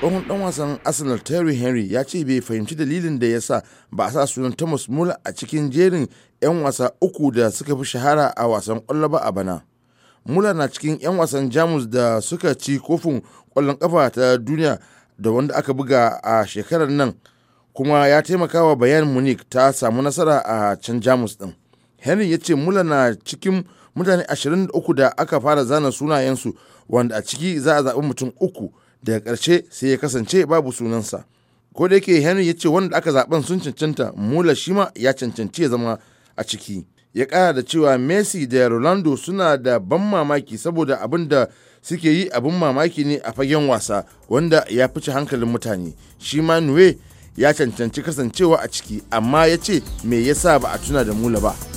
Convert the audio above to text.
tsohon dan wasan arsenal terry henry ya ce bai fahimci dalilin da ya sa ba a sa sunan thomas muller a cikin jerin 'yan wasa uku da suka fi shahara a wasan kwallo ba a bana muller na cikin 'yan wasan jamus da suka ci kofin kwallon kafa ta duniya da wanda aka buga a shekarar nan kuma ya taimaka wa bayan munich ta samu nasara a can jamus din henry ya ce muller na cikin mutane 23 da aka fara zana sunayensu wanda a ciki za a zaɓi mutum uku daga ƙarshe sai ya kasance babu sunansa ko da yake henry ya ce wanda aka zaben sun cancanta mula shi ma ya cancanci ya zama a ciki ya ƙara da cewa messi da rolando suna da ban mamaki saboda abin da suke yi abin mamaki ne a fagen wasa wanda ya fice hankalin mutane shi ma ya cancanci kasancewa a ciki amma ya ce me yasa ba a tuna da mula ba